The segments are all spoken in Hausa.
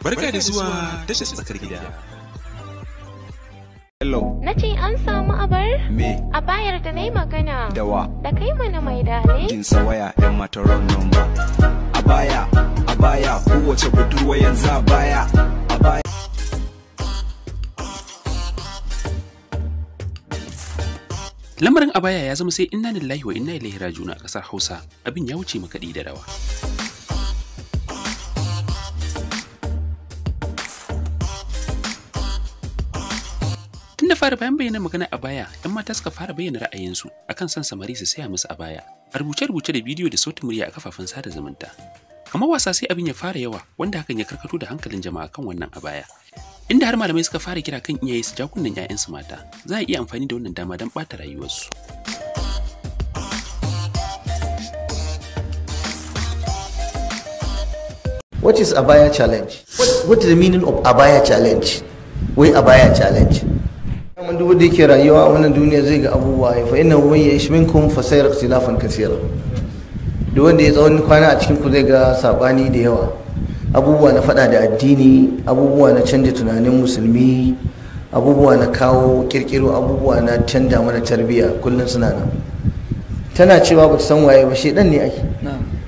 Barka da zuwa tashar tsakar gida. Hello. Na ce an samu abar? Me? A bayar da na yi magana. Dawa. Da kai mana mai dale. Jin sawaya yan mataron nan ba. A baya, a baya, kowace budurwa yanzu a baya. A baya. Lamarin abaya ya zama sai inna lillahi wa inna ilaihi rajiuna a ƙasar Hausa abin ya wuce makaɗi da rawa. fara bayan bayyana magana a baya, ‘yan mata suka fara bayyana ra'ayinsu kan son samari su saya musu a baya, a rubuce-rubuce da bidiyo da sautin murya a kafafen sada zumunta. Kamar wasa sai abin ya fara yawa, wanda hakan ya karkato da hankalin jama'a kan wannan a baya. Inda har malamai suka fara kira kan iyaye su jakunan ‘ya'yansu mata, za a iya amfani da wannan dama don ɓata rayuwarsu. What is Abaya challenge? What, what is the meaning of Abaya challenge? We Abaya challenge? kuma duk wanda yake rayuwa a wannan duniya zai ga abubuwa ya fa inna ya ya'ish minkum fa sayara silafan kasira duk wanda ya tsawon kwana a cikin ku zai ga sabani da yawa abubuwa na fada da addini abubuwa na canja tunanin musulmi abubuwa na kawo kirkiro abubuwa na canja mana tarbiyya kullum suna nan tana cewa ba ta san waye ba shedan ne ake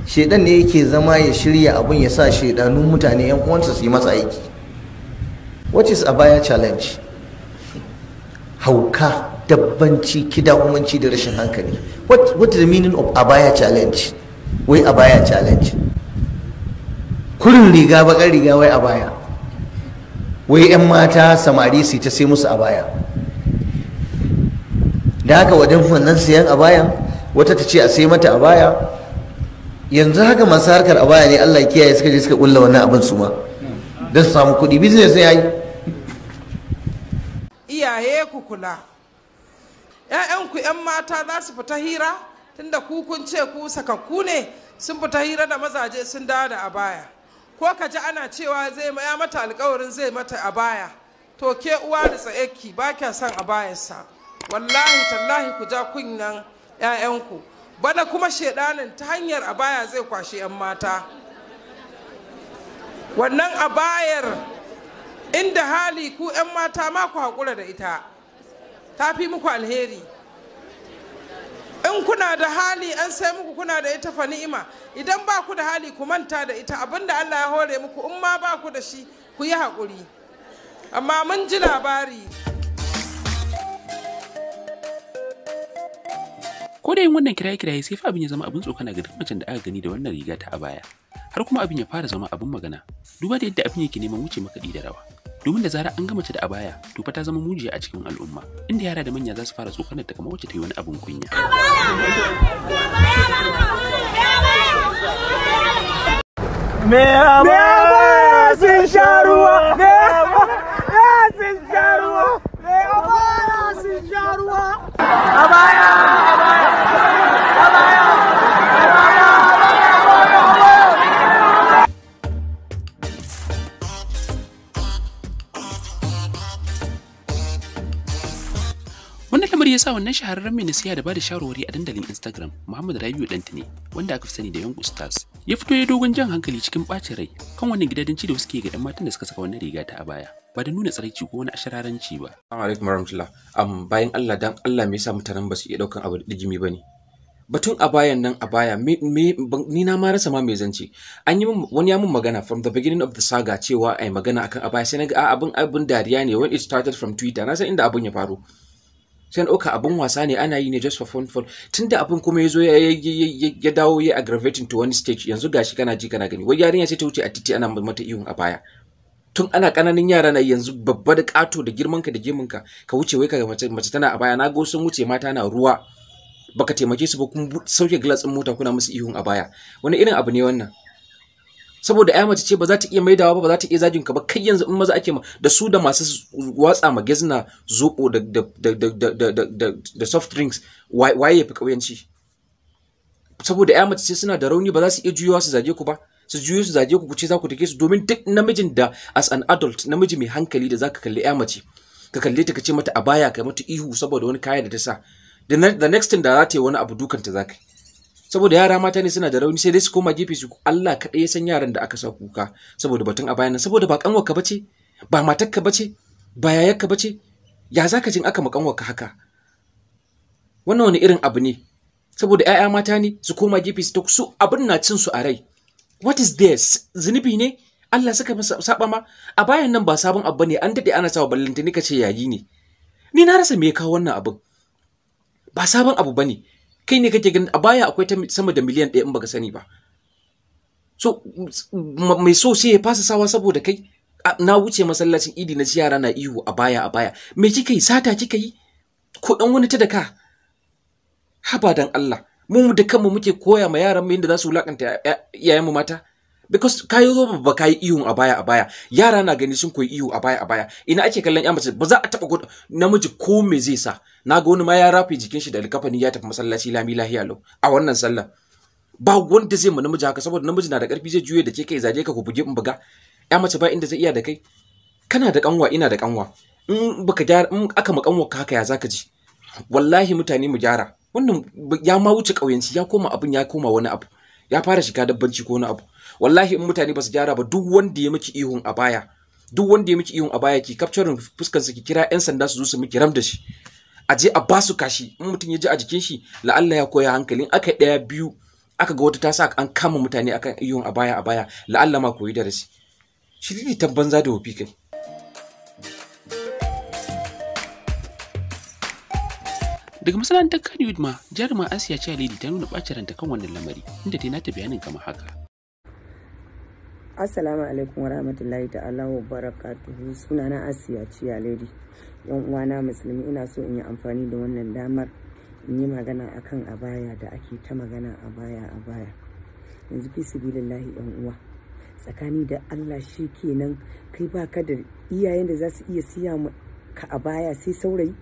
shedan ne yake zama ya shirya abun ya sa shedanun mutane yan uwansa su yi masa aiki what is a baya challenge hauka dabbanci kidahumanci da rashin hankali what, what is the meaning of abaya challenge wai abaya challenge kurin riga bakar riga wai abaya wai 'yan mata samari su ta sai musu abaya da haka wajen wannan sayan abayan wata ta ce a sai mata abaya yanzu haka masu harkar abaya ne allah kiyaye suka je suka kulla wannan abin su ma don su samu kuɗi business ne ya yi iyaye ku kula ‘ya'yanku ‘yan mata za su fita hira tunda ku kun ce ku sakakku ne sun fita hira da mazaje sun dawo da abaya ko ka ji ana cewa zai ya mata alkawarin zai mata abaya to ke uwa da tsayaki ba kya son abayarsa wallahi tallahi ku ja kunyan ‘ya'yanku bana kuma shedanin ta hanyar abaya zai kwashe ‘yan mata wannan abayar inda hali ku 'yan mata ma ku haƙura da ita ta fi muku alheri in kuna da hali an sai muku kuna da ita fa ni'ima idan ba ku da hali ku manta da ita abinda Allah ya hore muku in ma ba ku da shi ku yi hakuri. amma mun ji labari ko da yin wannan kiraye-kiraye sai fa abin ya zama abin tsokana ga duk macen da aka gani da wannan riga ta a baya har kuma abin ya fara zama abin magana duba da yadda abin yake neman wuce makaɗi da rawa domin da zarar an gama ta da abaya to fa ta zama mujiya a cikin al'umma inda yara da manya za su fara tsokan ta kamar wacce ta yi wani abin kunya Me abaya sun sha ruwa ya sa wannan shahararren mai nasiha da bada shawarwari a dandalin Instagram, Muhammad Rabiu Dantine, wanda aka fi sani da Young Stars. Ya fito ya dogon jan hankali cikin bacin rai kan wannan gidadanci da suke ga dan matan da suka saka wannan riga ta a baya. Ba da nuna tsaraici ko wani ashararanci ba. Assalamu alaikum warahmatullah. Am bayan Allah dan Allah me yasa mutanen ba su iya daukan abu da digimi bane? Batun a bayan nan a baya ni na ma rasa ma me zance. An yi wani ya mun magana from the beginning of the saga cewa ai magana akan a baya sai na ga abin abin dariya ne when it started from Twitter na san inda abun ya faru. sai ɗauka abin wasa ne ana yi ne just for fun fun tun da abin kuma ya zo ya dawo ya aggravating to wani stage yanzu gashi kana ji kana gani wai yarinya sai ta wuce a titi ana mata ihun a baya tun ana kananan yara na yanzu babba da ƙato da girmanka da girmanka ka wuce wai kaga mace tana a baya na ga sun wuce mata na ruwa baka taimake su ba kuma sauke glass din mota kuna musu ihun a baya wani irin abu ne wannan saboda ya mace ce ba za ta iya maidawa ba ba za ta iya zagin ka ba kai yanzu in maza ake ma da su da masu watsa ma zoko da da da da da da soft drinks waye ya fi kauyanci saboda ya mace ce suna da rauni ba za su iya juyowa su zage ku ba su juyo su zage ku ku ce za ku take su domin duk namijin da as an adult namiji mai hankali da zaka kalli ya mace ka kalle ta ka ce mata a baya ka mata ihu saboda wani kaya da ta sa the next thing da za ta yi wani abu dukanta za ka yi saboda yara mata ne suna da rauni sai dai su koma gefe su Allah kaɗai ya san yaran da aka sa kuka saboda batun a bayan saboda ba ka bace ba ka bace ba ka bace ya zaka jin aka ka haka wannan wani irin abu ne saboda ‘ya'ya mata ne su koma gefe su su abin na cin su a rai what is this zunubi ne Allah suka saba ma a bayan nan ba sabon abu ne an daɗe ana sawa ballantini ka ce yayi ne ni na rasa me ya kawo wannan abin ba sabon abu bane kai ne kake ganin a baya akwai ta sama da miliyan ɗaya in baka sani ba so mai so sai ya fasa sawa saboda kai na wuce masallacin idi na yara na ihu a baya a baya me kika yi sata kika yi ko dan wani ta da ka haba dan Allah mu da kanmu muke koya ma yaran mu yadda za su wulakanta yayan mu mata because ka yi zo ka yi ihun a baya a baya yara na gani sun koyi iyo a baya a baya ina ake kallon yan mace ba za a taba ko namiji ko me zai sa na ga wani ma ya rafe jikin shi da alkafani ya tafi masallaci lami lahiya lo a wannan sallah ba wanda zai mu namiji haka saboda namiji na da karfi zai juye da ke kai zaje ka ku buge in buga ya mace ba inda zai iya da kai kana da kanwa ina da kanwa in baka gyara in aka makanwa ka haka ya zaka ji wallahi mutane mu gyara wannan ya ma wuce kauyanci ya koma abin ya koma wani abu ya fara shiga dabbanci ko wani abu wallahi in mutane ba su gyara ba duk wanda ya miki ihun a baya duk wanda ya miki ihun a baya ki capturing fuskar ki kira yan sanda su zo su miki ram da shi a je a basu kashi in mutum ya ji a jikin shi la'alla ya koya hankalin aka daya biyu aka ga wata ta sa an kama mutane akan ihun a baya a baya la'alla ma koyi darasi shi ne tabban za da wofi kai daga masana'antar kanyud ma jaruma asiya ce ta nuna ɓacin ranta kan wannan lamari inda ta yi nata bayanin kamar haka Assalamu alaikum warahmatullahi ta'ala wa barakatuhu sunana Asiya Ciya Lady. Yan uwana musulmi ina so in yi amfani da wannan damar in yi magana akan abaya da ake ta magana abaya abaya. Yanzu fi sibilillahi yan uwa. Tsakani da Allah shi kenan kai baka da iyayen da za su iya siya ka abaya sai saurayi.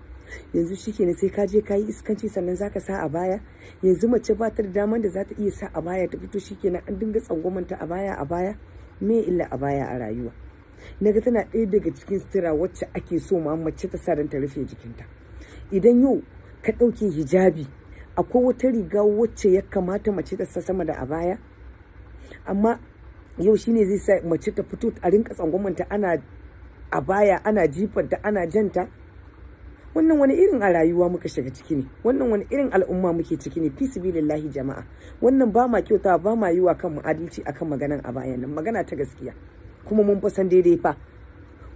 yanzu shikenan sai ka je ka yi iskanci sannan zaka sa a baya yanzu mace ba ta da damar da za ta iya sa a baya ta fito shikenan an dinga tsangwamanta a baya a baya me illa a baya a rayuwa naga tana ɗaya daga cikin sitira wacce ake so ma mace ta sa ta rufe jikinta idan yau ka ɗauke hijabi akwai wata riga wacce ya kamata mace ta sa sama da a baya amma yau shine zai sa mace ta fito a rinka tsangwamanta ana a baya ana jifanta ana janta wannan wani irin a rayuwa muka shiga ciki ne wannan wani irin al'umma muke ciki ne fi lahi jama'a wannan ba ma kyauta ba ma yi wa kanmu adalci akan maganan a bayan nan magana ta gaskiya kuma mun fasan daidai fa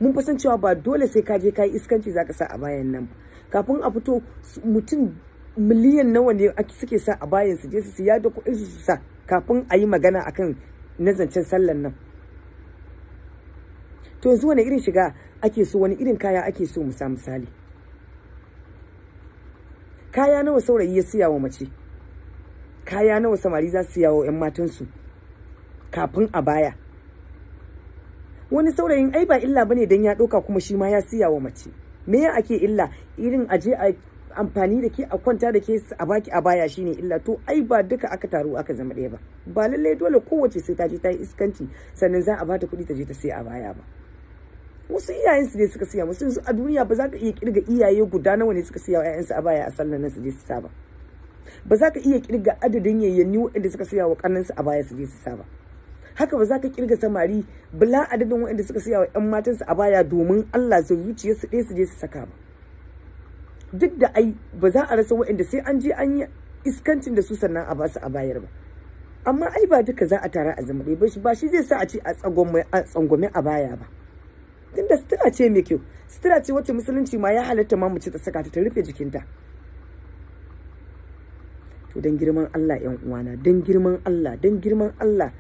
mun fasan cewa ba dole sai ka je ka yi iskanci zaka sa a bayan nan kafin a fito mutum miliyan nawa ne suke sa a bayan su je su siya da kuɗin su sa kafin a yi magana akan nazancen sallan nan to yanzu wani irin shiga ake so wani irin kaya ake so mu sa misali kaya nawa saurayi ya siya wa mace kaya nawa samari za su yawo 'yan su kafin a baya wani saurayin ai ba illa bane dan ya ɗauka kuma shi ma ya siya wa mace me ya ake illa irin aje a amfani da ke a kwanta da ke a baki a baya shine illa to ai ba duka aka taru aka zama ɗaya ba ba lallai dole kowace sai ta je ta yi iskanci sannan za a bata kuɗi ta je ta sai a baya ba wasu iyayen su ne suka siya musu a duniya ba za ka iya kirga iyaye guda nawa ne suka siya wa ƴaƴansu a baya a sallar nan su je su saba ba za ka iya kirga adadin yayyanni waɗanda suka siya wa ƙannansu a baya su je su saba haka ba za ka kirga samari bala adadin waɗanda suka siya wa ƴan matansu a baya domin Allah su zuciya su ɗaya su je su saka ba duk da ai ba za a rasa waɗanda sai an je an yi iskancin da su sannan a basu a bayar ba amma ai ba duka za a tara a zama ɗaya ba shi zai sa a ce a tsangwame a baya ba tunda sutura ce mai kyau sutura ce wacce musulunci ma ya halatta ma mace ta saka ta rufe jikinta to dan girman Allah yan uwana dan girman Allah dan girman Allah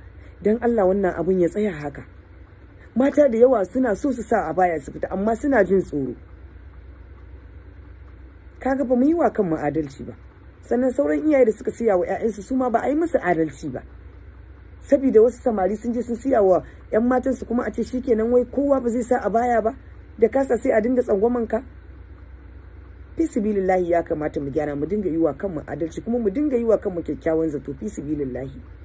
dan Allah wannan abun ya tsaya haka mata da yawa suna so su sa a baya su fita amma suna jin tsoro kaga ba mu yi wa kanmu adalci ba sannan sauran iyaye da suka siya wa 'ya'yansu su ma ba a yi musu adalci ba saboda wasu samari sun je sun siya wa yan matan su kuma a ce shikenan wai kowa ba zai sa a baya ba da kasa sai a dinga tsangwaman ka fi sibilillahi ya kamata mu gyara mu dinga yi wa kanmu adalci kuma mu dinga yi wa kanmu kyakkyawan zato fi sibilillahi